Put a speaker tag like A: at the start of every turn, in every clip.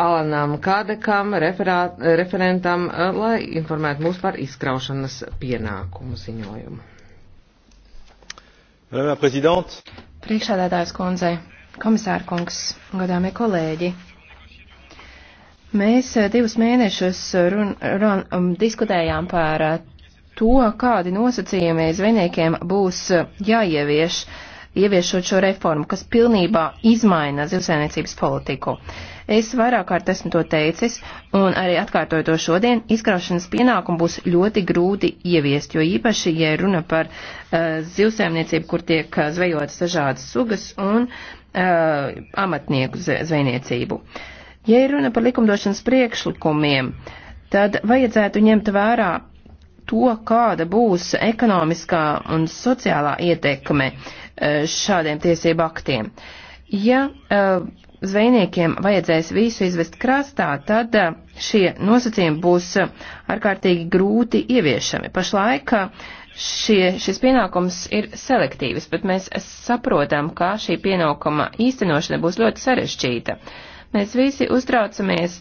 A: Alanam Kādekam, referāt, referentam, eh, lai informētu mūs par izkraušanas pienākumu ziņojumu.
B: Priekšādātājs kundze, komisāra kungs, godāmie kolēģi. Mēs eh, divus mēnešus run, run, um, diskutējām par eh, to, kādi nosacījumi zvejniekiem būs jāievieš. Uh, ieviešot šo reformu, kas pilnībā izmaina zivsēniecības politiku. Es vairāk kārt esmu to teicis, un arī atkārtoju to šodien, izkraušanas pienākumu būs ļoti grūti ieviest, jo īpaši, ja runa par uh, eh, zivsēmniecību, kur tiek uh, zvejotas dažādas sugas un uh, amatnieku zvejniecību. Ja ir runa par likumdošanas priekšlikumiem, tad vajadzētu ņemt vērā to, kāda būs ekonomiskā un sociālā ietekme. Uh, Eh, šādiem tiesību aktiem. Ja eh, zvejniekiem vajadzēs visu izvest krastā, tad eh, šie nosacījumi būs ārkārtīgi grūti ieviešami. Pašlaik šie, šis pienākums ir selektīvs, bet mēs saprotam, ka šī pienākuma īstenošana būs ļoti sarežģīta. Mēs visi uztraucamies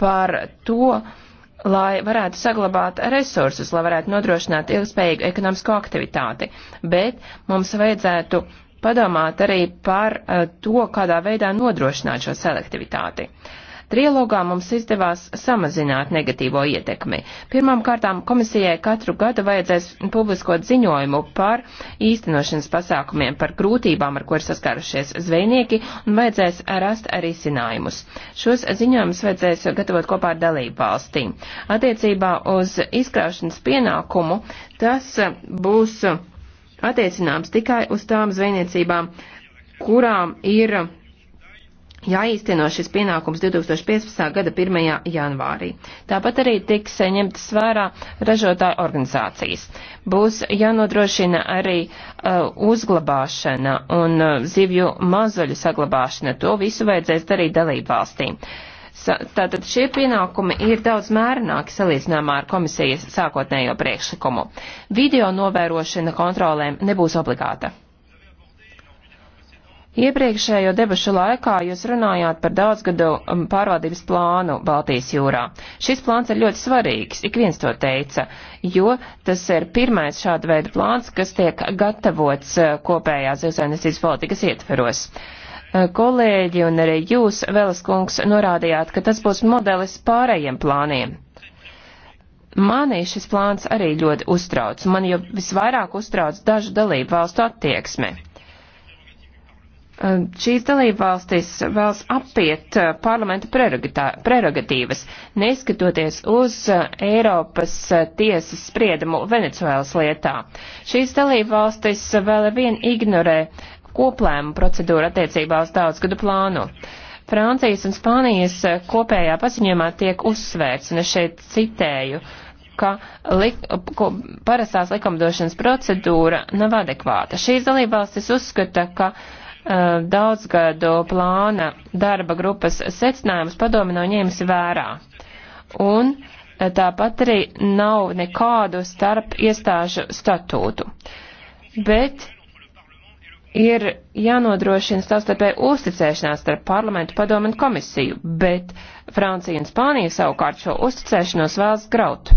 B: par to, uh, lai varētu saglabāt resursus, lai varētu nodrošināt ilgspējīgu ekonomisko aktivitāti. Bet mums vajadzētu padomāt arī par eh, to, kādā veidā nodrošināt šo selektivitāti. Uh, Trialogā mums izdevās samazināt negatīvo ietekmi. Pirmām kārtām komisijai katru gadu vajadzēs publiskot ziņojumu par īstenošanas pasākumiem, par grūtībām, ar ko ir saskārušies zvejnieki, un vajadzēs rast arī sinājumus. Šos ziņojumus vajadzēs gatavot kopā ar dalību valstīm. Attiecībā uz izkraušanas pienākumu tas būs attiecināms tikai uz tām zvejniecībām, kurām ir jāīsteno šis pienākums 2015. gada 1. janvārī. Tāpat arī tiks ņemtas vērā ražotāju organizācijas. Būs jānodrošina arī uh, uzglabāšana un uh, zivju mazuļu saglabāšana. To visu vajadzēs darīt dalību valstīm. Sa tātad šie pienākumi ir daudz mērenāki salīdzinājumā ar komisijas sākotnējo priekšlikumu. Video novērošana kontrolēm nebūs obligāta. Iepriekšējo debašu laikā jūs runājāt par daudzgadu um, pārvaldības plānu Baltijas jūrā. Šis plāns ir ļoti svarīgs, ik viens to teica, jo tas ir pirmais šāda veida plāns, kas tiek gatavots uh, kopējās zilsainesīs politikas ietveros. Uh, kolēģi un arī jūs, Veles kungs, norādījāt, ka tas būs modelis pārējiem plāniem. Mani šis plāns arī ļoti uztrauc, man jau visvairāk uztrauc dažu dalību valstu attieksmi. Ehm, šīs dalībvalstis vēlas apiet eh, parlamenta prerogatīvas, neskatoties uz eh, Eiropas eh, tiesas spriedumu Venecuēlas lietā. Šīs dalībvalstis vēl vien ignorē koplēmu procedūru attiecībā uz daudzgadu plānu. Francijas un Spānijas kopējā paziņojumā tiek uzsvērts, un es šeit citēju, ka li, ko, parastās likumdošanas procedūra nav adekvāta. Šīs dalībvalstis uzskata, ka uh, Uh, daudzgadu plāna darba grupas secinājumus padomi nav ņēmusi vērā. Un uh, tāpat arī nav nekādu starp iestāžu statūtu. Bet ir jānodrošina savstarpēja uzticēšanās starp parlamentu padomu un komisiju, bet Francija un Spānija savukārt šo uzticēšanos vēlas graut.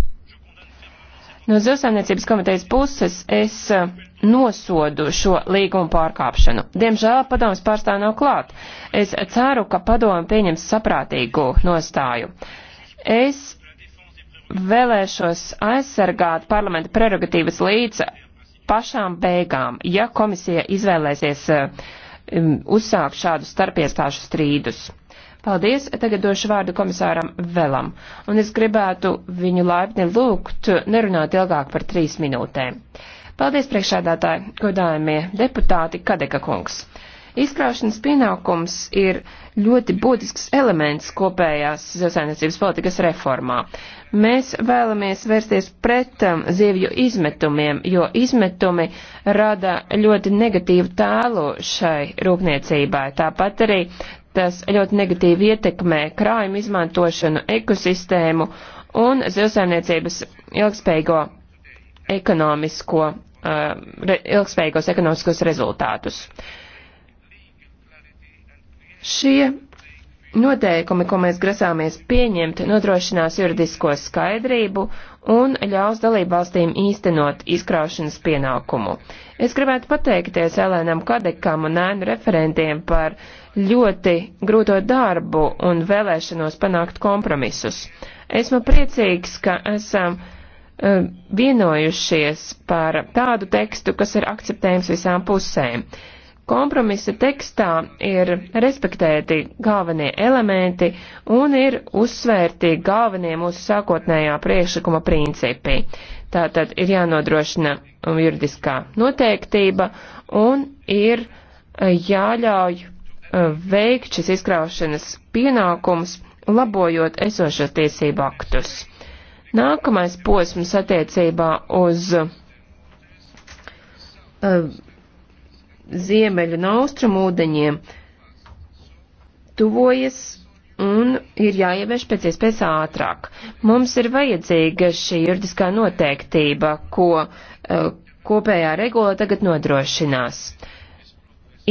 B: No Zilsaimniecības komitejas puses es eh, nosodu šo līgumu pārkāpšanu. Diemžēl padomas pārstāv nav klāt. Es ceru, ka padoma pieņems saprātīgu nostāju. Es vēlēšos aizsargāt parlamenta prerogatīvas līdz pašām beigām, ja komisija izvēlēsies eh, um, uzsākt šādu starpiestāšu strīdus. Paldies, tagad došu vārdu komisāram Velam, un es gribētu viņu laipni lūgt nerunāt ilgāk par trīs minūtēm. Paldies, priekšādātāji, godājumie deputāti Kadeka kungs. Izkraušanas pienākums ir ļoti būtisks elements kopējās zivsainiecības politikas reformā. Mēs vēlamies vērsties pret um, zivju izmetumiem, jo izmetumi rada ļoti negatīvu tēlu šai rūpniecībai. Tāpat arī tas ļoti negatīvi ietekmē krājumu izmantošanu, ekosistēmu un zivsaimniecības ilgspējīgo ekonomisko, uh, re, ilgspējīgos ekonomiskos rezultātus. Šie Noteikumi, ko mēs grasāmies pieņemt, nodrošinās juridisko skaidrību un ļaus dalībvalstīm īstenot izkraušanas pienākumu. Es gribētu pateikties Elēnam Kadekam un ēnu referentiem par ļoti grūto darbu un vēlēšanos panākt kompromisus. Esmu priecīgs, ka esam e, vienojušies par tādu tekstu, kas ir akceptējams visām pusēm kompromisa tekstā ir respektēti galvenie elementi un ir uzsvērti galvenie mūsu sākotnējā priekšlikuma principi. Tātad ir jānodrošina juridiskā noteiktība un ir eh, jāļauj eh, veikt šis izkraušanas pienākums, labojot esošos tiesību aktus. Nākamais posms attiecībā uz uh, ziemeļu un austrumu ūdeņiem tuvojas un ir jāievieš pēc iespējas ātrāk. Mums ir vajadzīga šī juridiskā noteiktība, ko uh, kopējā regula tagad nodrošinās.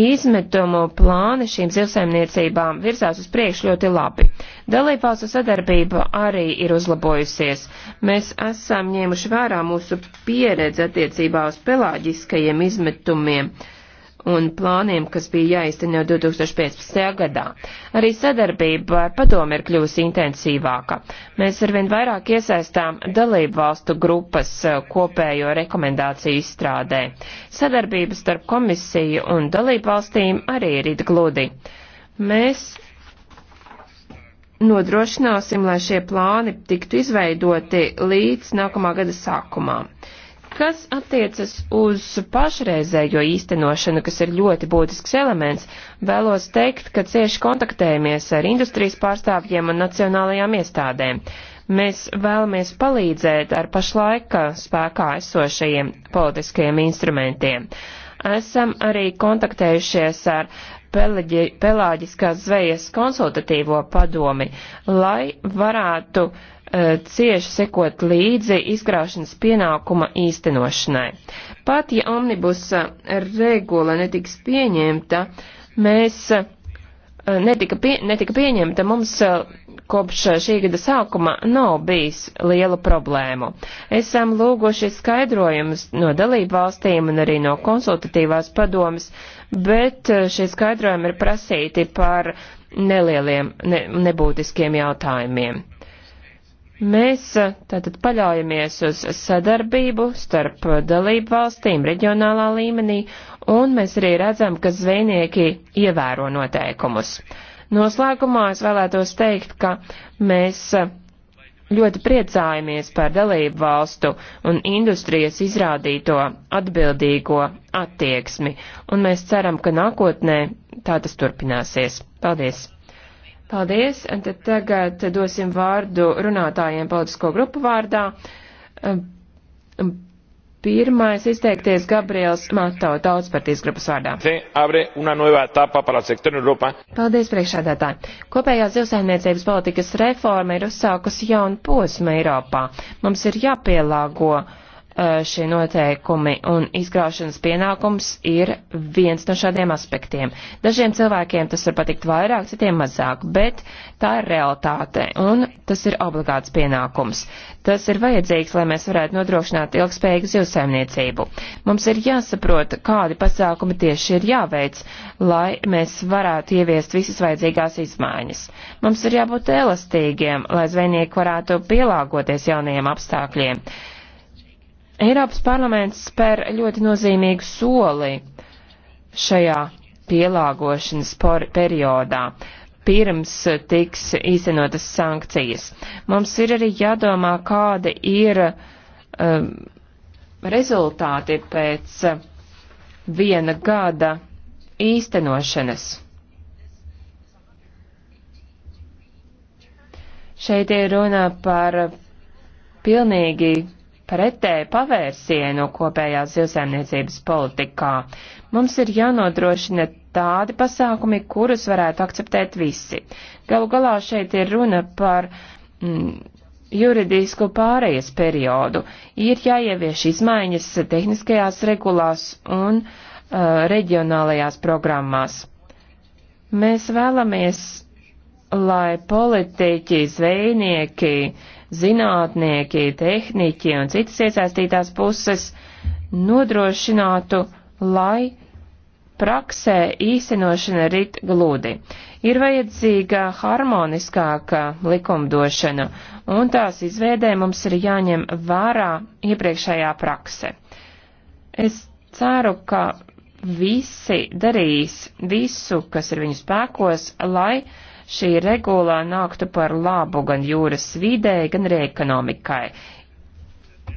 B: Izmetumu plāni šīm zivsaimniecībām virzās uz priekšu ļoti labi. Dalībvalstu sadarbība arī ir uzlabojusies. Mēs esam ņēmuši vērā mūsu pieredzi attiecībā uz pelāģiskajiem izmetumiem. Uh, un plāniem, kas bija jāizteno 2015. gadā. Arī sadarbība ar padomu ir kļuvusi intensīvāka. Mēs arvien vairāk iesaistām dalību valstu grupas eh, kopējo rekomendāciju izstrādē. Sadarbība starp komisiju un dalību valstīm arī ir it gludi. Mēs nodrošināsim, lai šie plāni tiktu izveidoti līdz nākamā gada sākumā. Kas attiecas uz pašreizējo īstenošanu, kas ir ļoti būtisks elements, vēlos teikt, ka cieši kontaktējamies ar industrijas pārstāvjiem un nacionālajām iestādēm. Mēs vēlamies palīdzēt ar pašlaika spēkā esošajiem politiskajiem instrumentiem. Esam arī kontaktējušies ar peleģi, pelāģiskās zvejas konsultatīvo padomi, lai varētu uh, Eh, cieši sekot līdzi izkraušanas pienākuma īstenošanai. Pat ja omnibusa regula netiks pieņemta, mēs eh, netika, pie, netika pieņemta, mums eh, kopš šī gada sākuma nav bijis liela problēmu. Esam lūguši skaidrojumus no dalību valstīm un arī no konsultatīvās padomas, bet šie skaidrojumi ir prasīti par nelieliem, ne, nebūtiskiem jautājumiem. Mēs eh, tātad paļaujamies uz sadarbību starp dalību valstīm reģionālā līmenī, un mēs arī redzam, ka zvejnieki ievēro noteikumus. Noslēgumā es vēlētos teikt, ka mēs eh, ļoti priecājamies par dalību valstu un industrijas izrādīto atbildīgo attieksmi, un mēs ceram, ka nākotnē tā tas turpināsies. Paldies! Paldies, un tad tagad dosim vārdu runātājiem politisko grupu vārdā. Um, um, pirmais izteikties Gabriels Mato, tautspartijas grupas vārdā. Paldies, priekšādātāji. Kopējā zivsaimniecības politikas reforma ir uzsākusi jaunu posmu Eiropā. Mums ir jāpielāgo Eh, šie noteikumi un izgraušanas pienākums ir viens no šādiem aspektiem. Dažiem cilvēkiem tas var patikt vairāk, citiem mazāk, bet tā ir realitāte un tas ir obligāts pienākums. Tas ir vajadzīgs, lai mēs varētu nodrošināt ilgspējīgu zivsaimniecību. Mums ir jāsaprot, kādi pasākumi tieši ir jāveic, lai mēs varētu ieviest visas vajadzīgās izmaiņas. Mums ir jābūt elastīgiem, lai zvejnieki varētu pielāgoties jaunajiem apstākļiem. Eiropas parlaments spēr ļoti nozīmīgu soli šajā pielāgošanas periodā pirms tiks īstenotas sankcijas. Mums ir arī jādomā, kādi ir um, rezultāti pēc viena gada īstenošanas. Šeit ir runa par pilnīgi pretēju pavērsienu kopējā zivsēmniecības politikā. Mums ir jānodrošina tādi pasākumi, kurus varētu akceptēt visi. Galu galā šeit ir runa par mm, juridisku pārējas periodu. Ir jāievieš izmaiņas tehniskajās regulās un uh, reģionālajās programmās. Mēs vēlamies lai politiķi, zvejnieki, zinātnieki, tehniķi un citas iesaistītās puses nodrošinātu, lai praksē īstenošana rit glūdi. Ir vajadzīga harmoniskāka likumdošana, un tās izveidē mums ir jāņem vērā iepriekšējā prakse. Es ceru, ka visi darīs visu, kas ir viņu spēkos, lai uh, šī regulā nāktu par labu gan jūras vidē, gan arī ekonomikai.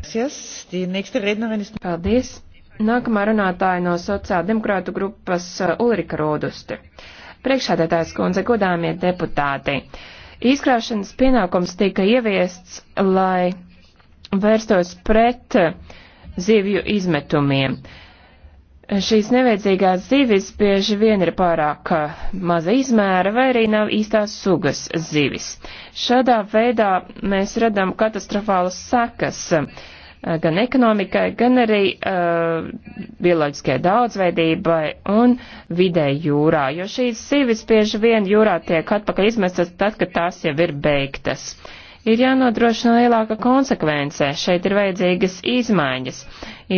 B: Paldies! Nākamā runātāja no sociāldemokrātu grupas uh, Ulrika Roduste. Priekšādētājs kundze, godāmie deputāti, izkrāšanas pienākums tika ieviests, lai vērstos pret uh, zivju izmetumiem. Uh, Šīs nevajadzīgās zivis bieži vien ir pārāk uh, maza izmēra vai arī nav īstās sugas zivis. Šādā veidā mēs redam katastrofālas sekas uh, gan ekonomikai, gan arī uh, bioloģiskajai daudzveidībai un vidē jūrā, jo šīs zivis bieži vien jūrā tiek atpakaļ izmestas tad, kad tās jau ir beigtas. Uh, Ir jānodrošina lielāka konsekvence, šeit ir vajadzīgas izmaiņas,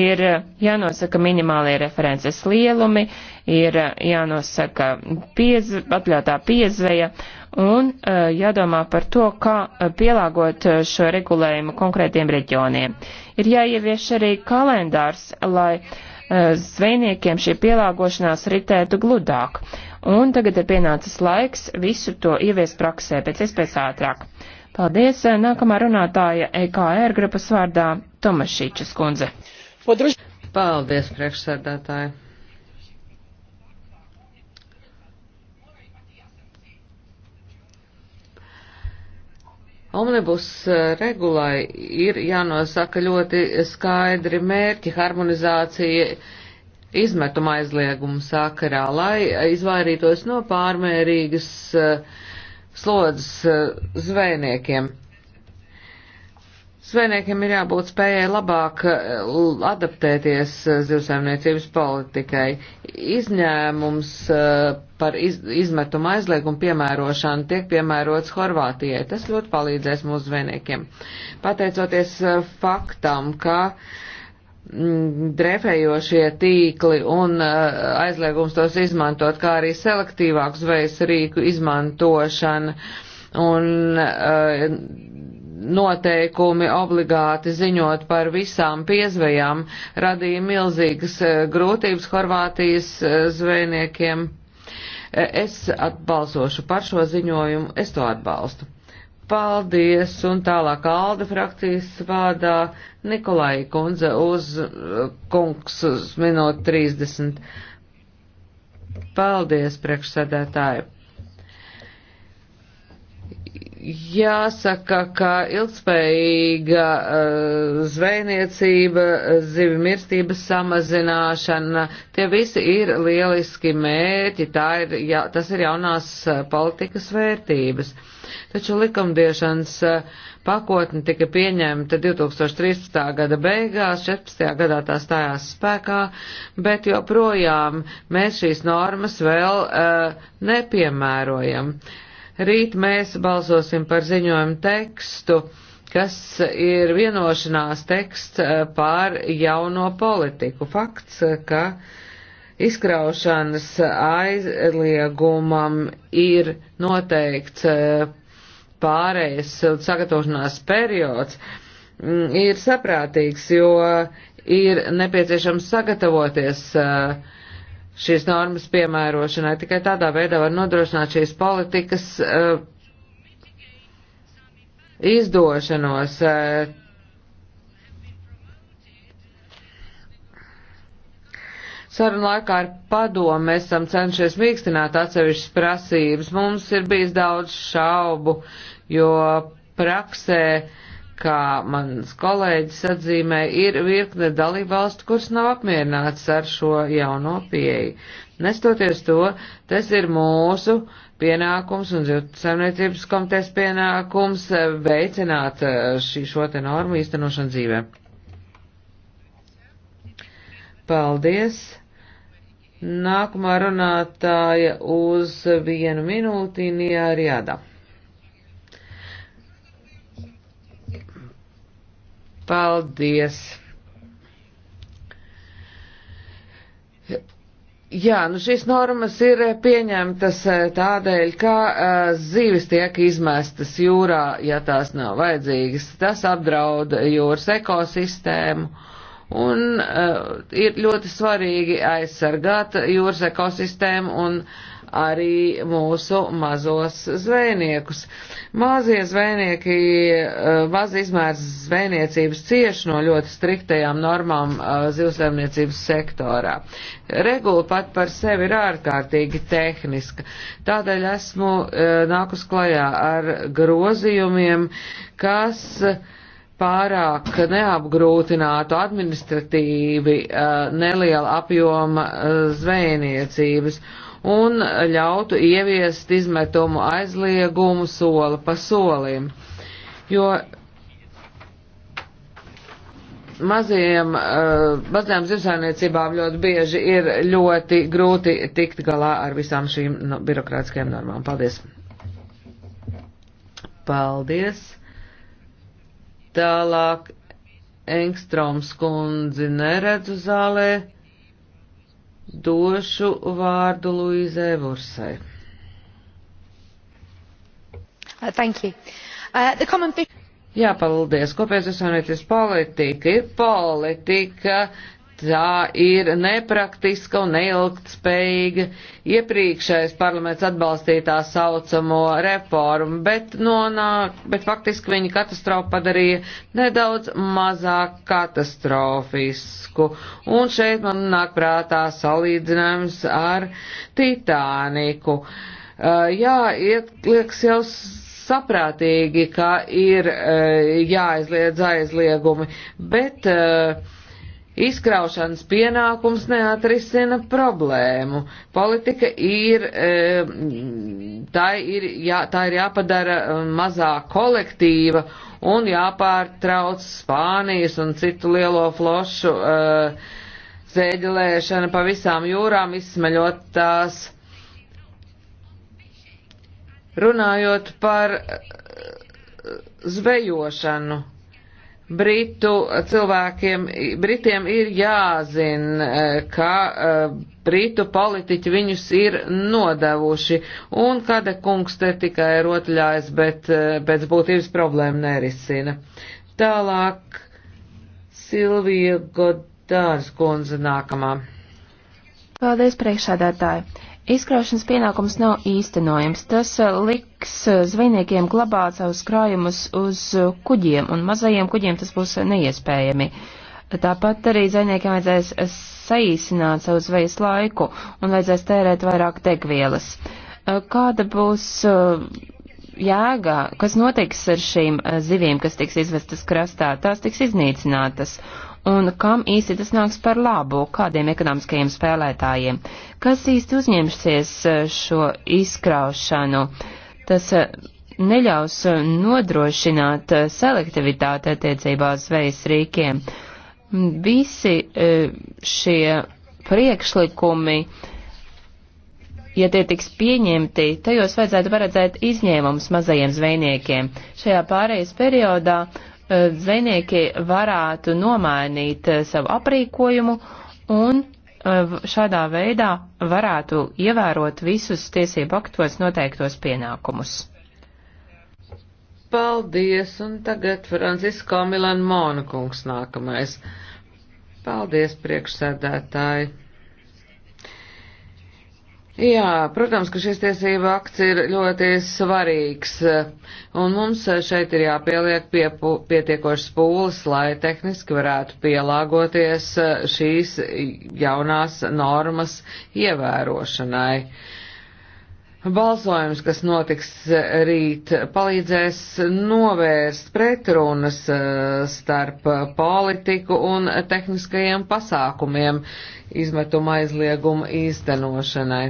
B: ir jānosaka minimālie references lielumi, ir jānosaka piez, atļautā piezveja un eh, jādomā par to, kā eh, pielāgot eh, šo regulējumu konkrētiem reģioniem. Ir jāievieš arī kalendārs, lai zvejniekiem šī pielāgošanās ritētu gludāk. Un tagad ir pienācis laiks visu to ieviest praksē pēc iespējas ātrāk. Paldies. Nākamā runātāja EKR grupas vārdā Tomašīčas kundze. Paldies,
A: priekšsēdētāji. Omnibus regulai ir jānosaka ļoti skaidri mērķi harmonizācija izmetuma aizliegumu sakarā, lai izvairītos no pārmērīgas uh, slodzes eh, zvejniekiem. Zvejniekiem ir jābūt spējai labāk eh, adaptēties eh, zivsaimniecības politikai. Izņēmums par iz, izmetumu aizliegumu piemērošanu tiek piemērots Horvātijai. Tas ļoti palīdzēs mūsu zvejniekiem. Pateicoties faktam, ka uh, Mm, drefējošie tīkli un uh, aizliegums tos izmantot, kā arī selektīvāku zvejas rīku izmantošana un uh, noteikumi obligāti ziņot par visām piezvejām radīja milzīgas uh, grūtības Horvātijas uh, zvejniekiem. Es atbalsošu par šo ziņojumu, es to atbalstu. Paldies, un tālāk Alda frakcijas vārdā Nikolai Kunze uz eh, kungs uz minūti 30. Paldies, priekšsēdētāji. Jāsaka, ka ilgspējīga uh, zvejniecība, zivju mirstības samazināšana, tie visi ir lieliski mērķi, tā ir, jā, tas ir jaunās eh, politikas vērtības. Taču likumdiešanas eh, pakotne tika pieņemta 2013. gada beigās, 14. gadā tā stājās spēkā, bet joprojām mēs šīs normas vēl uh, nepiemērojam. Uh, Rīt mēs balsosim par ziņojumu tekstu, kas ir vienošanās teksts eh, pār jauno politiku. Fakts, eh, ka izkraušanas aizliegumam ir noteikts eh, pārējais sagatavošanās periods, mm, ir saprātīgs, jo ir nepieciešams sagatavoties uh, šīs normas piemērošanai. Tikai tādā veidā var nodrošināt šīs politikas uh, izdošanos. Uh, Sarunu laikā ar padomu mēs esam cenšies mīkstināt atsevišķas prasības. Mums ir bijis daudz šaubu, jo praksē uh, kā mans kolēģis atzīmē, ir virkne dalībvalstu, kuras nav apmierināts ar šo jauno pieeju. Nestoties to, tas ir mūsu pienākums un zemniecības komitejas pienākums veicināt eh, šī, šo te normu īstenošanu dzīvē. Paldies! Nākamā runātāja uz vienu minūti Nijā Riada. Paldies! Jā, nu šīs normas ir pieņemtas eh, tādēļ, ka eh, zīves tiek izmestas jūrā, ja tās nav vajadzīgas. Tas apdraud jūras ekosistēmu un uh, ir ļoti svarīgi aizsargāt jūras ekosistēmu un uh, arī mūsu mazos zvejniekus. Mazie zvejnieki, eh, maz izmērs zvejniecības cieši no ļoti striktajām normām eh, zivsēmniecības sektorā. Regula pat par sevi ir ārkārtīgi tehniska. Tādēļ esmu eh, nākus klajā ar grozījumiem, kas pārāk neapgrūtinātu administratīvi neliela apjoma zvejniecības. Uh, un ļautu ieviest izmetumu aizliegumu soli pa solim. Jo maziem, eh, mazajām zivsainiecībām ļoti bieži ir ļoti grūti tikt galā ar visām šīm no, nu, birokrātiskajām normām. Paldies! Paldies! Tālāk Engstroms kundzi neredzu zālē. Došu vārdu Luīzē Vorsai.
C: Uh, thank you. Uh, the common...
A: Jā, paldies. Kopējais visvainoties politika ir politika, tā ir nepraktiska un neilgtspējīga. Iepriekšējais parlaments atbalstīja tā saucamo reformu, bet, nonāk, bet faktiski viņa katastrofu padarīja nedaudz mazāk katastrofisku. Un šeit man nāk prātā salīdzinājums ar Titāniku. Uh, jā, iet, liekas jau saprātīgi, ka ir uh, jāizliedz aizliegumi, bet uh, Izkraušanas pienākums neatrisina problēmu. Politika ir, e, tā ir, jā, tā ir jāpadara e, mazā kolektīva un jāpārtrauc Spānijas un citu lielo flošu e, zēģelēšana pa visām jūrām, izsmeļot tās. Runājot par zvejošanu Britu cilvēkiem, Britiem ir jāzina, eh, ka eh, Britu politiķi viņus ir nodevuši, un kāda kungs te tikai rotaļājas, bet pēc eh, būtības problēma nerisina. Tālāk Silvija Godārs kundze nākamā.
B: Paldies, priekšādātāji! Izkraušanas pienākums nav īstenojams. Tas eh, liks eh, zvejniekiem glabāt savus krājumus uz eh, kuģiem, un mazajiem kuģiem tas būs neiespējami. Tāpat arī zvejniekiem vajadzēs saīsināt savu zvejas laiku un vajadzēs tērēt vairāk degvielas. Kāda būs jēga, kas notiks ar šīm zivīm, kas tiks izvestas krastā? Tās tiks iznīcinātas un kam īsti tas nāks par labu, kādiem ekonomiskajiem spēlētājiem, kas īsti uzņemsies eh, šo izkraušanu. Tas eh, neļaus eh, nodrošināt selektivitāti attiecībā uz zvejas rīkiem. Visi šie priekšlikumi, ja tie tiks pieņemti, tajos vajadzētu paredzēt izņēmumus mazajiem zvejniekiem. Šajā pārējais periodā uh, Eh, zvejnieki varētu nomainīt eh, savu aprīkojumu un eh, šādā veidā varētu ievērot visus tiesību aktos noteiktos pienākumus.
A: Paldies, un tagad Francisko Milan Mona kungs nākamais. Paldies, priekšsēdētāji! Jā, protams, ka šis tiesība akts ir ļoti svarīgs, un mums šeit ir jāpieliek pie, pietiekošas pūles, lai tehniski varētu pielāgoties šīs jaunās normas ievērošanai. Balsojums, kas notiks rīt, palīdzēs novērst pretrunas eh, starp politiku un tehniskajiem pasākumiem izmetuma aizlieguma īstenošanai.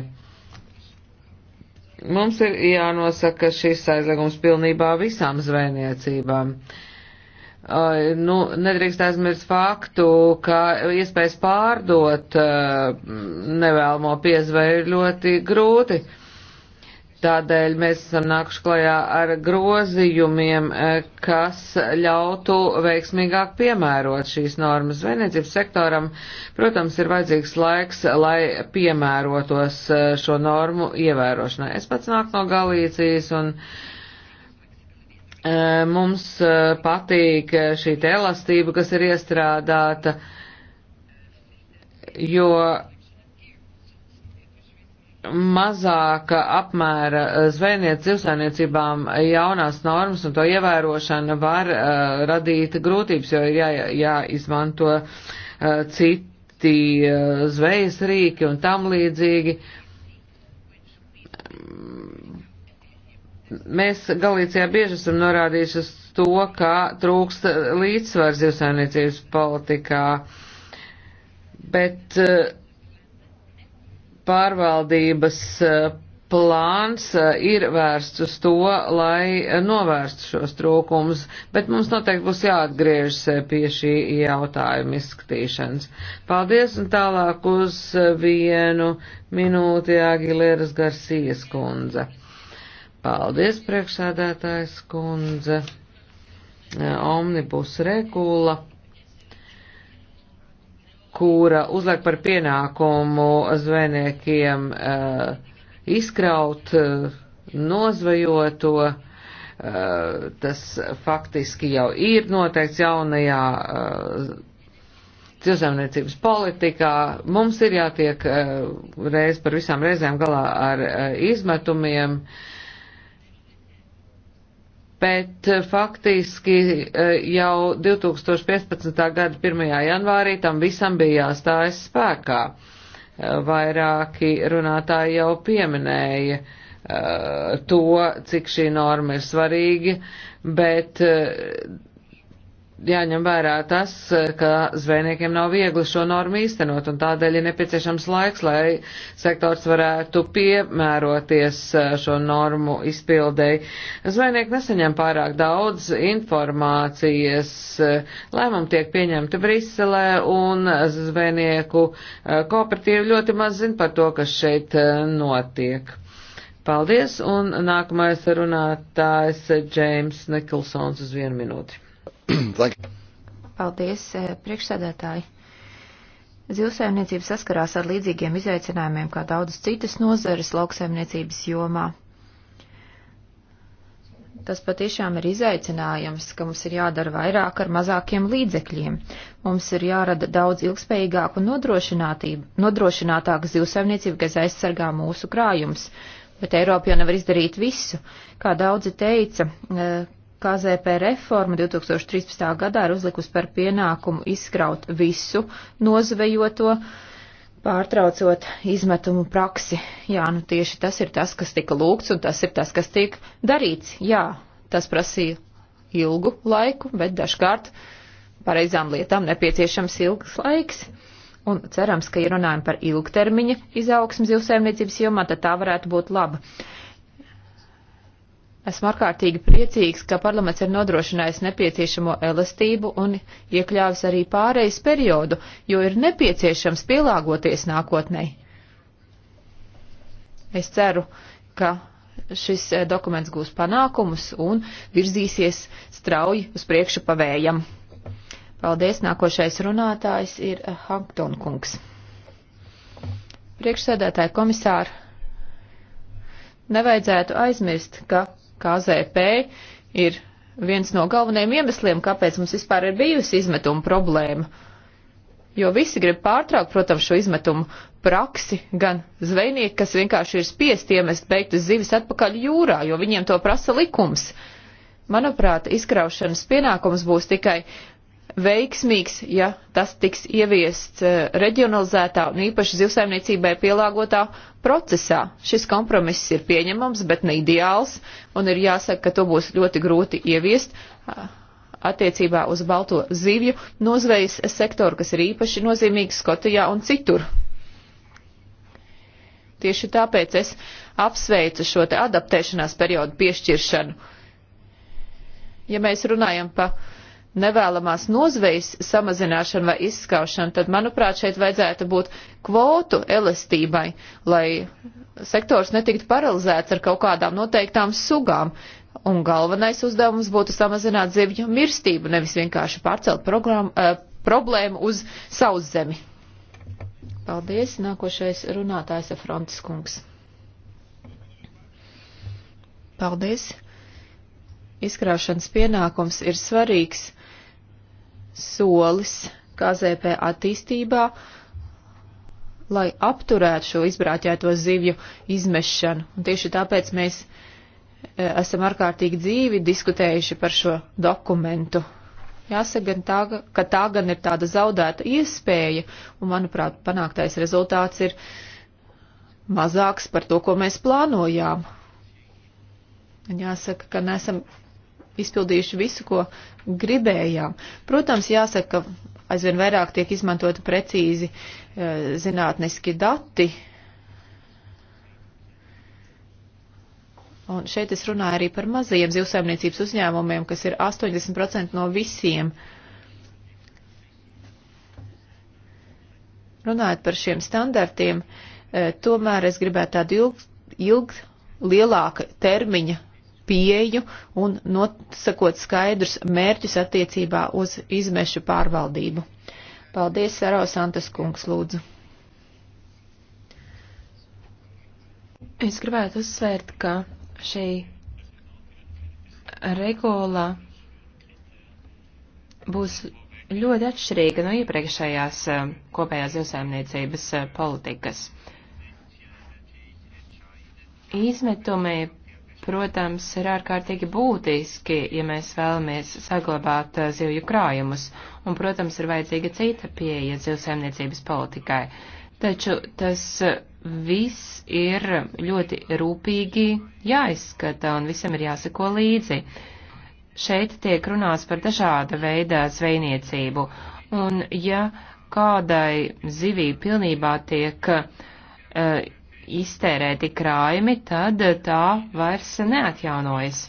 A: Mums ir jānosaka šis aizliegums pilnībā visām zvejniecībām. Uh, nu, nedrīkst aizmirst faktu, ka iespējas pārdot uh, nevēlamo piezveju ļoti grūti. Uh, Tādēļ mēs esam nākuši klajā ar grozījumiem, eh, kas ļautu veiksmīgāk piemērot šīs normas. Vēniecības sektoram, protams, ir vajadzīgs laiks, lai piemērotos eh, šo normu ievērošanai. Es pats nāku no Galīcijas un eh, mums patīk šī elastība, kas ir iestrādāta, jo mazāka apmēra eh, zvejniec zivsainiecībām jaunās normas un to ievērošana var uh, radīt grūtības, jo ir jā, jāizmanto uh, citi uh, zvejas rīki un tam līdzīgi. Mēs Galīcijā bieži esam norādījuši uz to, ka trūkst līdzsvars zivsainiecības politikā, bet uh, pārvaldības eh, plāns eh, ir vērsts uz to, lai eh, novērstu šos trūkumus, bet mums noteikti būs jāatgriežas pie šī jautājuma izskatīšanas. Paldies un tālāk uz vienu minūti Agilēras Garcijas kundze. Paldies, priekšsēdētājs kundze. Omnibus regula kura uzliek par pienākumu zvejniekiem eh, izkraut eh, nozvejoto. Eh, tas faktiski jau ir noteikts jaunajā cilvēcības politikā. Mums ir jātiek reiz par visām reizēm galā ar izmetumiem. Uh, bet eh, faktiski eh, jau 2015. gada 1. janvārī tam visam bija jāstājas spēkā. Eh, vairāki runātāji jau pieminēja to, cik šī norma ir svarīga, bet jāņem vērā tas, ka zvejniekiem nav viegli šo normu īstenot, un tādēļ ir nepieciešams laiks, lai sektors varētu piemēroties eh, šo normu izpildēji. Zvejnieki nesaņem pārāk daudz informācijas, eh, lēmumi tiek pieņemti Briselē, un zvejnieku eh, kooperatīvi ļoti maz zin par to, kas šeit notiek. Paldies, un nākamais runātājs Džeims Nikolsons uz vienu minūti.
D: Paldies, eh, priekšsēdētāji. Zilsēmniecība saskarās ar līdzīgiem izaicinājumiem kā daudzas citas nozares lauksēmniecības jomā. Tas patiešām ir izaicinājums, ka mums ir jādara vairāk ar mazākiem līdzekļiem. Mums ir jārada daudz ilgspējīgāku nodrošinātāku zivsaimniecību, kas aizsargā mūsu krājums. Bet Eiropa jau nevar izdarīt visu. Kā daudzi teica, eh, KZP reforma 2013. gadā ir uzlikusi par pienākumu izskraut visu nozvejoto, pārtraucot izmetumu praksi. Jā, nu tieši tas ir tas, kas tika lūgts, un tas ir tas, kas tiek darīts. Jā, tas prasīja ilgu laiku, bet dažkārt pareizām lietām nepieciešams ilgs laiks un cerams, ka, ja runājam par ilgtermiņa izaugsmu zivsaimniecības jomā, tad tā varētu būt laba. Esmu ārkārtīgi priecīgs, ka parlaments ir nodrošinājis nepieciešamo elastību un iekļāvis arī pārejas periodu, jo ir nepieciešams pielāgoties nākotnē. Es ceru, ka šis eh, dokuments gūs panākumus un virzīsies strauji uz priekšu pavējam. Paldies, nākošais runātājs ir eh, Hanktonkungs. Priekšsēdētāja komisāra, nevajadzētu aizmirst, ka KZP ir viens no galvenajiem iemesliem, kāpēc mums vispār ir bijusi izmetuma problēma. Jo visi grib pārtraukt, protams, šo izmetumu praksi, gan zvejnieki, kas vienkārši ir spiest iemest beigtas zivis atpakaļ jūrā, jo viņiem to prasa likums. Manuprāt, izkraušanas pienākums būs tikai veiksmīgs, ja tas tiks ieviests eh, reģionalizētā un īpaši zivsaimniecībai pielāgotā procesā. Šis kompromiss ir pieņemams, bet ne ideāls, un ir jāsaka, ka to būs ļoti grūti ieviest attiecībā uz balto zivju nozvejas sektoru, kas ir īpaši nozīmīgs Skotijā un citur. Tieši tāpēc es apsveicu šo te adaptēšanās periodu piešķiršanu. Ja mēs runājam par nevēlamās nozvejas samazināšanu vai izskaušanu, tad, manuprāt, šeit vajadzētu būt kvotu elastībai, lai sektors netiktu paralizēts ar kaut kādām noteiktām sugām. Un galvenais uzdevums būtu samazināt zivju mirstību, nevis vienkārši pārcelt programu, uh, eh, problēmu uz sauszemi. Paldies. Nākošais runātājs ir Frontis kungs. Paldies. Izkraušanas pienākums ir svarīgs solis KZP attīstībā, lai apturētu šo izbrāķēto zivju izmešanu. Un tieši tāpēc mēs e, esam ārkārtīgi dzīvi diskutējuši par šo dokumentu. Jāsaka, gan tā, ka tā gan ir tāda zaudēta iespēja, un, manuprāt, panāktais rezultāts ir mazāks par to, ko mēs plānojām. Un jāsaka, ka nesam izpildījuši visu, ko gribējām. Protams, jāsaka, ka aizvien vairāk tiek izmantota precīzi eh, zinātniski dati. Un šeit es runāju arī par mazajiem zivsaimniecības uzņēmumiem, kas ir 80% no visiem uh, runājot par šiem standartiem, eh, tomēr es gribētu tādu ilg, ilg lielāka termiņa pieju un nosakot skaidrus mērķus attiecībā uz izmešu pārvaldību. Paldies, Saro Santas kungs, lūdzu.
B: Es gribētu uzsvērt, ka šī regula būs ļoti atšķirīga no iepriekšējās eh, kopējās zivsaimniecības eh, politikas. Izmetumi protams, ir ārkārtīgi būtiski, ja mēs vēlamies saglabāt eh, zivju krājumus, un, protams, ir vajadzīga cita pieeja zivsaimniecības politikai. Taču tas eh, viss ir ļoti rūpīgi jāizskata, un visam ir jāseko līdzi. Šeit tiek runāts par dažāda veida zvejniecību, un ja kādai zivī pilnībā tiek uh, iztērēti krājumi, tad tā vairs neatjaunojas.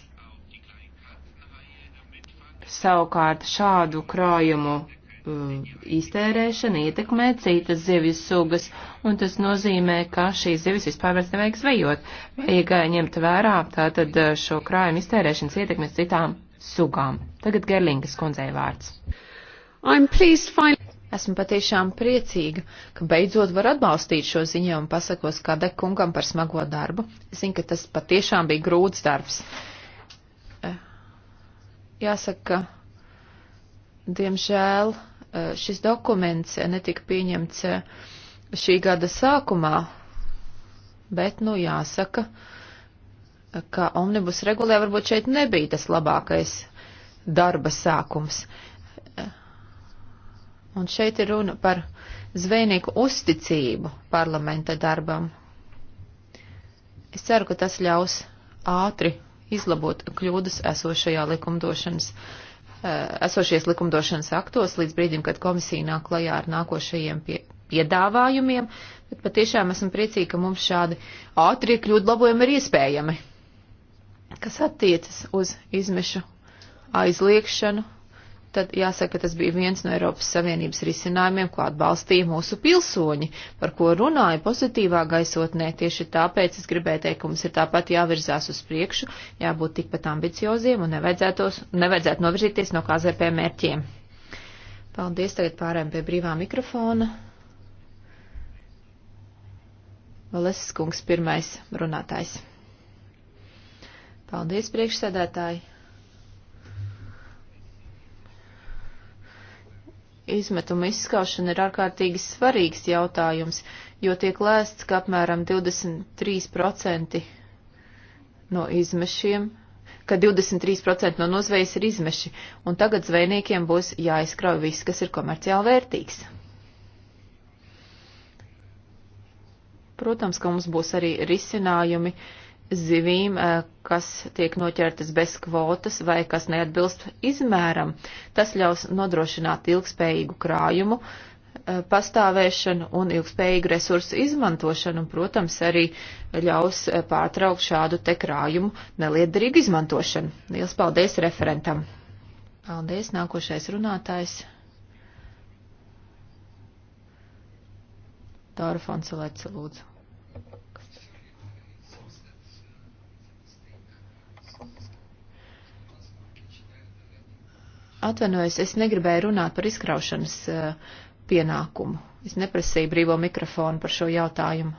B: Savukārt šādu krājumu uh, iztērēšana ietekmē citas zivju sugas, un tas nozīmē, ka šīs zivis vispār vairs nevajag zvejot. Vajag uh, ņemt vērā tātad uh, šo krājumu iztērēšanas ietekmes citām sugām. Tagad Gerlingas kundzei vārds.
D: I'm pleased finally Esmu patiešām priecīga, ka beidzot var atbalstīt šo ziņojumu pasakos Kadek kungam par smago darbu. Es zinu, ka tas patiešām bija grūts darbs. Eh, jāsaka, ka diemžēl eh, šis dokuments eh, netika pieņemts šī gada sākumā, bet, nu, jāsaka, ka omnibus regulē varbūt šeit nebija tas labākais darba sākums. Uh, Un šeit ir runa par zvejnieku uzticību parlamenta darbam. Es ceru, ka tas ļaus ātri izlabot kļūdas esošajā likumdošanas, eh, esošies likumdošanas aktos līdz brīdim, kad komisija nāk klajā ar nākošajiem pie, piedāvājumiem, bet patiešām esam priecīgi, ka mums šādi ātrie kļūdu labojumi ir iespējami. Kas attiecas uz izmešu aizliekšanu, tad jāsaka, ka tas bija viens no Eiropas Savienības risinājumiem, ko atbalstīja mūsu pilsoņi, par ko runāja pozitīvā gaisotnē. Tieši tāpēc es gribēju teikt, ka mums ir tāpat jāvirzās uz priekšu, jābūt tikpat ambicioziem un nevajadzētu novirzīties no KZP mērķiem. Paldies, tagad pārējām pie brīvā mikrofona. Valesis kungs pirmais runātājs. Paldies, priekšsēdētāji! Izmetuma izskaušana ir ārkārtīgi svarīgs jautājums, jo tiek lēsts, ka apmēram 23% no izmešiem, ka 23% no nozvejas ir izmeši, un tagad zvejniekiem būs jāizkrauj viss, kas ir komerciāli vērtīgs. Protams, ka mums būs arī risinājumi, uh, zivīm, eh, kas tiek noķertas bez kvotas vai kas neatbilst izmēram. Tas ļaus nodrošināt ilgspējīgu krājumu, eh, pastāvēšanu un ilgspējīgu resursu izmantošanu, un, protams, arī ļaus eh, pārtraukt šādu te krājumu neliederīgu izmantošanu. Liels paldies referentam! Paldies, nākošais runātājs. Dāra Fonsalēca, lūdzu. Atvainojos, es negribēju runāt par izkraušanas eh, pienākumu. Es neprasīju brīvo mikrofonu par šo jautājumu.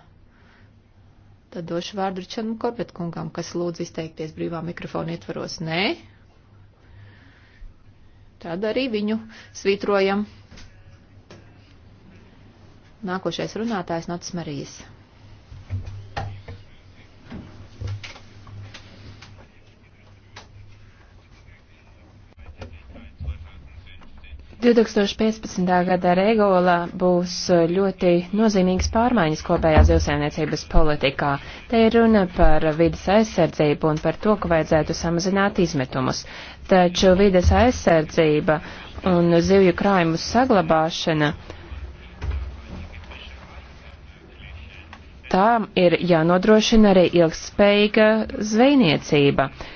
D: Tad došu vārdu Ričanam Korbetkungam, kas lūdz izteikties brīvā mikrofona ietvaros. Nē. Tad arī viņu svītrojam. Nākošais runātājs Nats Marijas.
B: 2015. gada regula būs eh, ļoti nozīmīgas pārmaiņas kopējā zivsaimniecības politikā. Te ir runa par vidas aizsardzību un par to, ka vajadzētu samazināt izmetumus. Taču vidas aizsardzība un zivju krājumu saglabāšana tām ir jānodrošina arī ilgspējīga zvejniecība. Uh,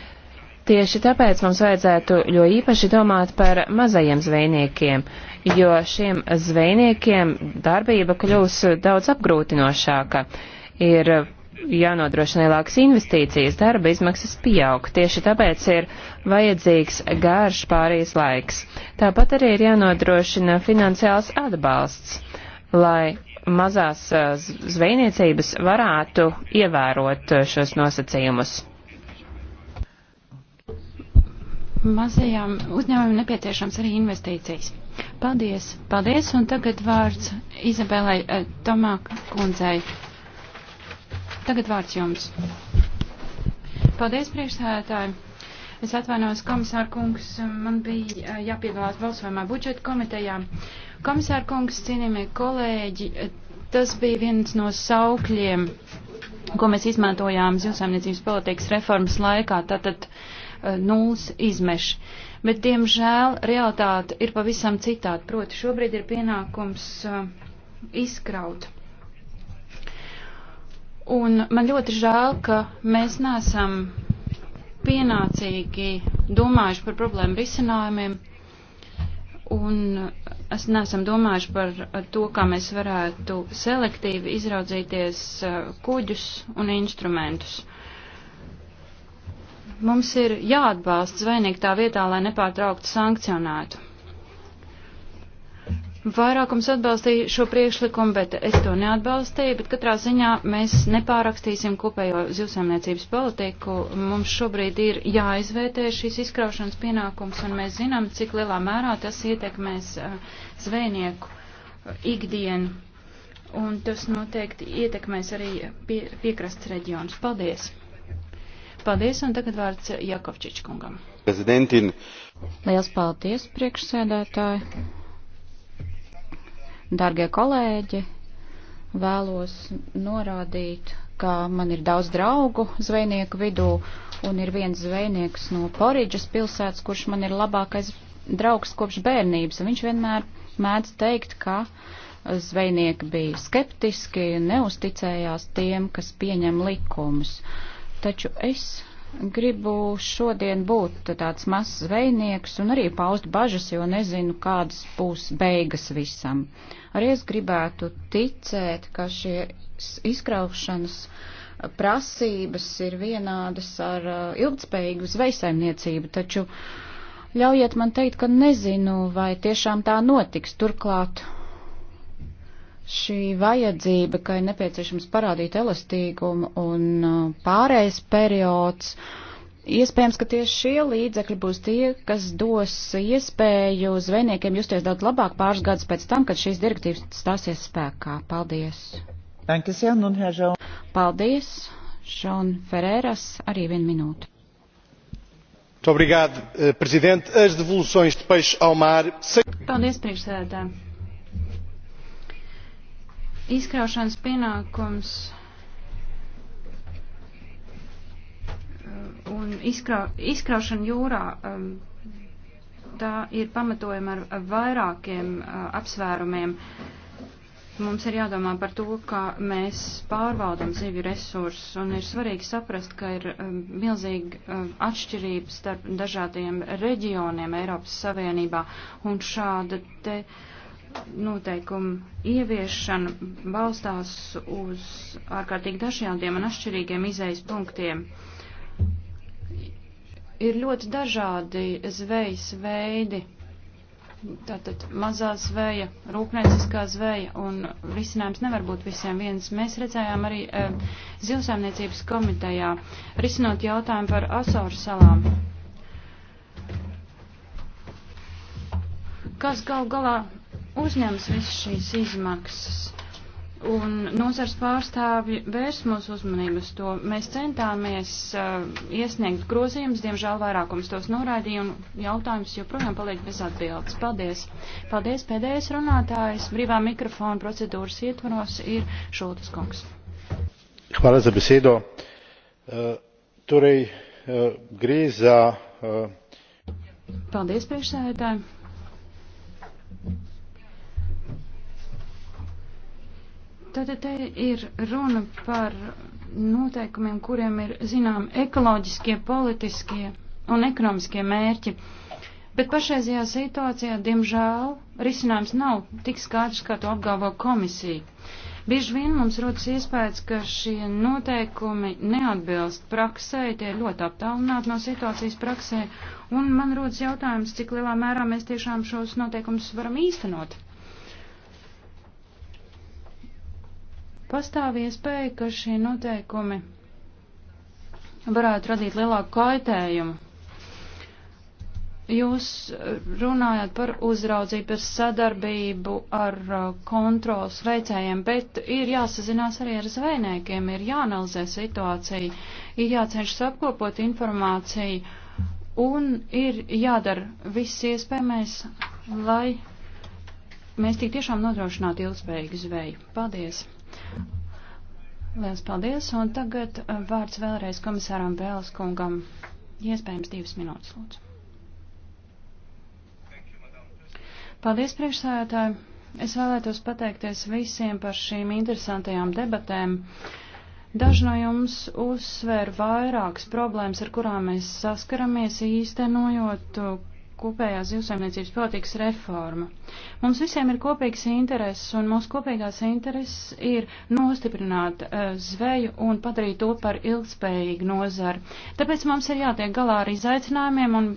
B: Tieši tāpēc mums vajadzētu jo īpaši domāt par mazajiem zvejniekiem, jo šiem zvejniekiem darbība kļūs daudz apgrūtinošāka. Ir jānodrošina lielākas investīcijas, darba izmaksas pieaug. Tieši tāpēc ir vajadzīgs garš pārējais laiks. Tāpat arī ir jānodrošina finansiāls atbalsts, lai mazās eh, zvejniecības varētu ievērot eh, šos nosacījumus.
C: Mazajām uzņēmumiem nepieciešams arī investīcijas. Paldies, paldies, un tagad vārds Izabelai eh, Tomāk kundzei. Tagad vārds jums. Paldies, priekšsēdētāji. Es atvainojos, komisāra kungs, man bija eh, jāpiedalās balsojumā budžeta komitejā. Komisāra kungs, cienījamie kolēģi, eh, tas bija viens no saukļiem, ko mēs izmantojām zilsaimniecības politikas reformas laikā. Tātad, uh, nulles izmeši. Bet, diemžēl, realitāte ir pavisam citāda. Proti, šobrīd ir pienākums uh, izkraut. Un man ļoti žēl, ka mēs nesam pienācīgi domājuši par problēmu risinājumiem un es nesam domājuši par to, kā mēs varētu selektīvi izraudzīties uh, kuģus un instrumentus. Mums ir jāatbalsta zvejnieki tā vietā, lai nepārtraukti sankcionētu. Vairākums atbalstīja šo priekšlikumu, bet es to neatbalstīju, bet katrā ziņā mēs nepārakstīsim kopējo zivsaimniecības politiku. Mums šobrīd ir jāizvērtē šīs izkraušanas pienākums, un mēs zinām, cik lielā mērā tas ietekmēs uh, zvejnieku uh, ikdienu, un tas noteikti ietekmēs arī pie, piekrastes reģionus. Paldies! Paldies, un tagad vārds
E: Jakovčič kungam.
C: Prezidentin.
E: Liels paldies, priekšsēdētāji. Dargie kolēģi, vēlos norādīt, ka man ir daudz draugu zvejnieku vidū, un ir viens zvejnieks no Poridžas pilsētas, kurš man ir labākais draugs kopš bērnības, un viņš vienmēr mēdz teikt, ka zvejnieki bija skeptiski, neusticējās tiem, kas pieņem likumus. Uh, Taču es gribu šodien būt tāds mazs zvejnieks un arī paust bažas, jo nezinu, kādas būs beigas visam. Arī es gribētu ticēt, ka šie izkraušanas prasības ir vienādas ar uh, ilgspējīgu zvejsaimniecību, taču ļaujiet man teikt, ka nezinu, vai tiešām tā notiks. Turklāt Šī vajadzība, ka ir nepieciešams parādīt elastīgumu un uh, pārējais periods, iespējams, ka tieši šie līdzekļi būs tie, kas dos iespēju zvejniekiem justies daudz labāk pāris gadus pēc tam, kad šīs direktīvas stāsies spēkā. Paldies! Paldies! Šon Ferēras arī vienu minūtu
C: senhor presidente as devoluções de peixe ao mar. paldies priekšsēdētājam. Izkraušanas pienākums uh, un izkrau, izkraušana jūrā, um, tā ir pamatojama ar vairākiem uh, apsvērumiem. Mums ir jādomā par to, kā mēs pārvaldam zivju resursus, un ir svarīgi saprast, ka ir um, milzīga um, atšķirība starp dažādiem reģioniem Eiropas Savienībā, un šāda te noteikumu ieviešana balstās uz ārkārtīgi dažādiem un atšķirīgiem izējas punktiem. Ir ļoti dažādi zvejas veidi, tātad mazā zveja, rūpnieciskā zveja, un risinājums nevar būt visiem viens. Mēs redzējām arī e, eh, zivsēmniecības komitejā, risinot jautājumu par Asoru salām. Kas gal galā uzņems visas šīs izmaksas. Un nozars pārstāvji vērs mūsu uzmanību uz to. Mēs centāmies uh, iesniegt grozījumus, diemžēl vairākums tos noraidīja un jautājums joprojām paliek bez atbildes. Paldies. Paldies. Pēdējais runātājs brīvā mikrofona procedūras ietvaros ir Šultas kungs. Hvala za besedo. Uh, torej, uh, gre za. Uh... Paldies, priekšsēdētāji. Tātad te ir runa par noteikumiem, kuriem ir, zinām, ekoloģiskie, politiskie un ekonomiskie mērķi. Bet pašreizajā situācijā, diemžēl, risinājums nav tik skaidrs, kā to apgalvo komisija. Bieži vien mums rodas iespējas, ka šie noteikumi neatbilst praksē, tie ir ļoti aptālināti no situācijas praksē, un man rodas jautājums, cik lielā mērā mēs tiešām šos noteikumus varam īstenot. pastāv iespēja, ka šie noteikumi varētu radīt lielāku kaitējumu. Jūs runājat par uzraudzību, par sadarbību ar uh, kontrols veicējiem, bet ir jāsazinās arī ar zvejniekiem, ir jāanalizē situācija, ir jācenšas apkopot informāciju un ir jādara viss iespējamais, lai mēs tik tiešām nodrošinātu ilgspējīgu zveju. Paldies! Liels paldies, un tagad uh, vārds vēlreiz komisāram Bēles kungam. Iespējams, divas minūtes, lūdzu. Paldies, priekšsēdētāji. Es vēlētos pateikties visiem par šīm interesantajām debatēm. Daži no jums uzsver vairākas problēmas, ar kurām mēs saskaramies īstenojot uh, kopējās zivsaimniecības politikas reforma. Mums visiem ir kopīgs intereses, un mūsu kopīgās intereses ir nostiprināt uh, zveju un padarīt to par ilgspējīgu nozaru. Tāpēc mums ir jātiek galā ar izaicinājumiem, un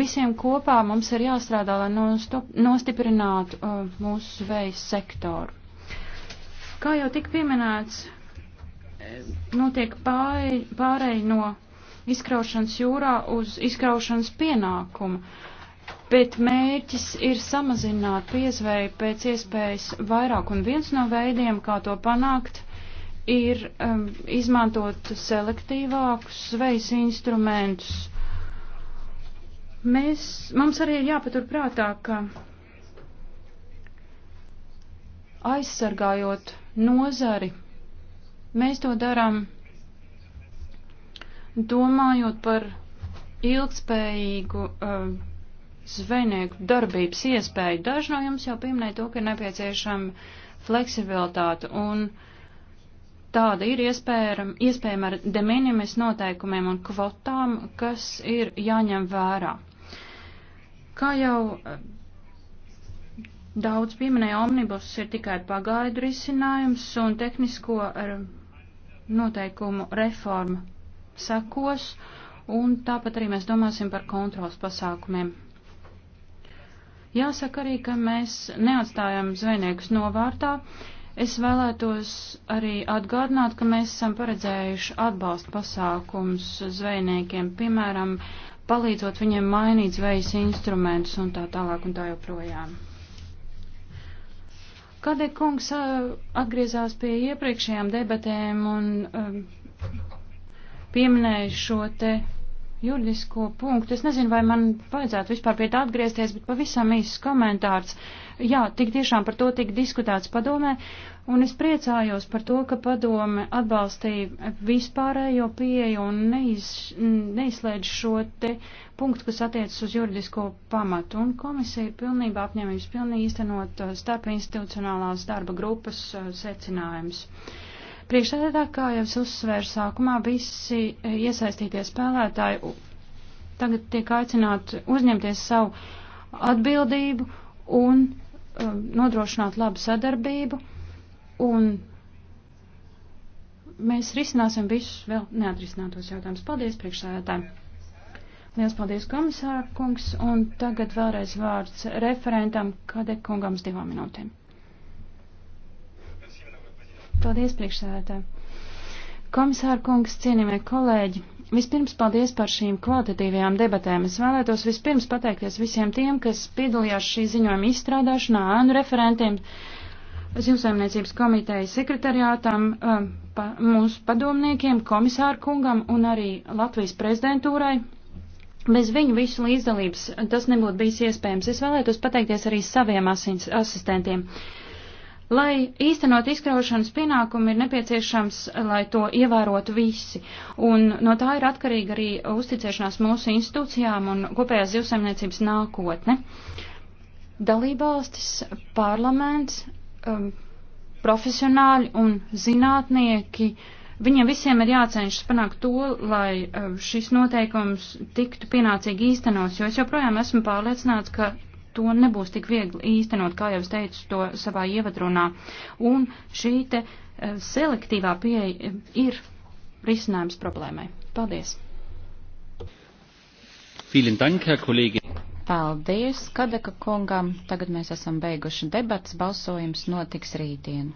C: visiem kopā mums ir jāstrādā, lai nostop, nostiprinātu uh, mūsu zvejas sektoru. Kā jau tik pieminēts, e, notiek pārēj, pārēj no izkraušanas jūrā uz izkraušanas pienākumu. Uh, bet mērķis ir samazināt piezvēju pēc iespējas vairāk, un viens no veidiem, kā to panākt, ir um, izmantot selektīvākus zvejas instrumentus. Mēs, mums arī ir jāpatur prātā, ka aizsargājot nozari, mēs to darām domājot par ilgspējīgu uh, zvejnieku darbības iespēju. Daži no jums jau pieminēja to, ka ir nepieciešama fleksibilitāte, un tāda ir iespējama, iespējama ar de minimis noteikumiem un kvotām, kas ir jāņem vērā. Kā jau eh, daudz pieminēja, omnibus ir tikai pagaidu risinājums un tehnisko eh, noteikumu reforma sekos, un tāpat arī mēs domāsim par kontrols pasākumiem. Jāsaka arī, ka mēs neatstājam zvejniekus novārtā. Es vēlētos arī atgādināt, ka mēs esam paredzējuši atbalsta pasākums zvejniekiem, piemēram, palīdzot viņiem mainīt zvejas instrumentus un tā tālāk un tā joprojām. Kādēļ kungs atgriezās pie iepriekšējām debatēm un pieminēja šo te juridisko punktu. Es nezinu, vai man vajadzētu vispār pie tā atgriezties, bet pavisam īsts komentārs. Jā, tik tiešām par to tika diskutēts padomē, un es priecājos par to, ka padome atbalstīja vispārējo pieeju un neiz, neizslēdz šo te punktu, kas attiecas uz juridisko pamatu. Un komisija pilnībā apņēmības pilnīgi īstenot uh, starp institucionālās darba grupas uh, secinājumus. Uh, Priekšsēdētā, kā jau es uzsvēru sākumā, visi e, iesaistītie spēlētāji tagad tiek aicināti uzņemties savu atbildību un um, nodrošināt labu sadarbību, un mēs risināsim visus vēl neatrisinātos jautājumus. Paldies priekšsēdētājiem! Liels paldies komisāra kungs, un tagad vēlreiz vārds referentam Kadekungam uz divām minūtēm. Paldies, priekšsēdētāji. Komisāra kungs, cienījamie kolēģi, vispirms paldies par šīm kvalitatīvajām debatēm. Es vēlētos vispirms pateikties visiem tiem, kas piedalījās šī ziņojuma izstrādāšanā, ēnu referentiem, Zivsaimniecības komitejas sekretariātam, eh, pa, mūsu padomniekiem, komisāru kungam un arī Latvijas prezidentūrai. Bez viņu visu līdzdalības tas nebūtu bijis iespējams. Es vēlētos pateikties arī saviem asins, asistentiem. Uh, Lai īstenot izkraušanas pienākumu ir nepieciešams, lai to ievērotu visi, un no tā ir atkarīga arī uzticēšanās mūsu institūcijām un kopējās zivsaimniecības nākotne. Dalībvalstis, parlaments, um, profesionāļi un zinātnieki, viņiem visiem ir jācenšas panākt to, lai um, šis noteikums tiktu pienācīgi īstenos, jo es joprojām esmu pārliecināts, ka to nebūs tik viegli īstenot, kā jau es teicu to savā ievadrunā. Un šī te eh, selektīvā
E: pieeja ir risinājums problēmai. Paldies! Dank, Paldies, Kadeka kungam. Tagad mēs esam beiguši debats. Balsojums notiks rītdien.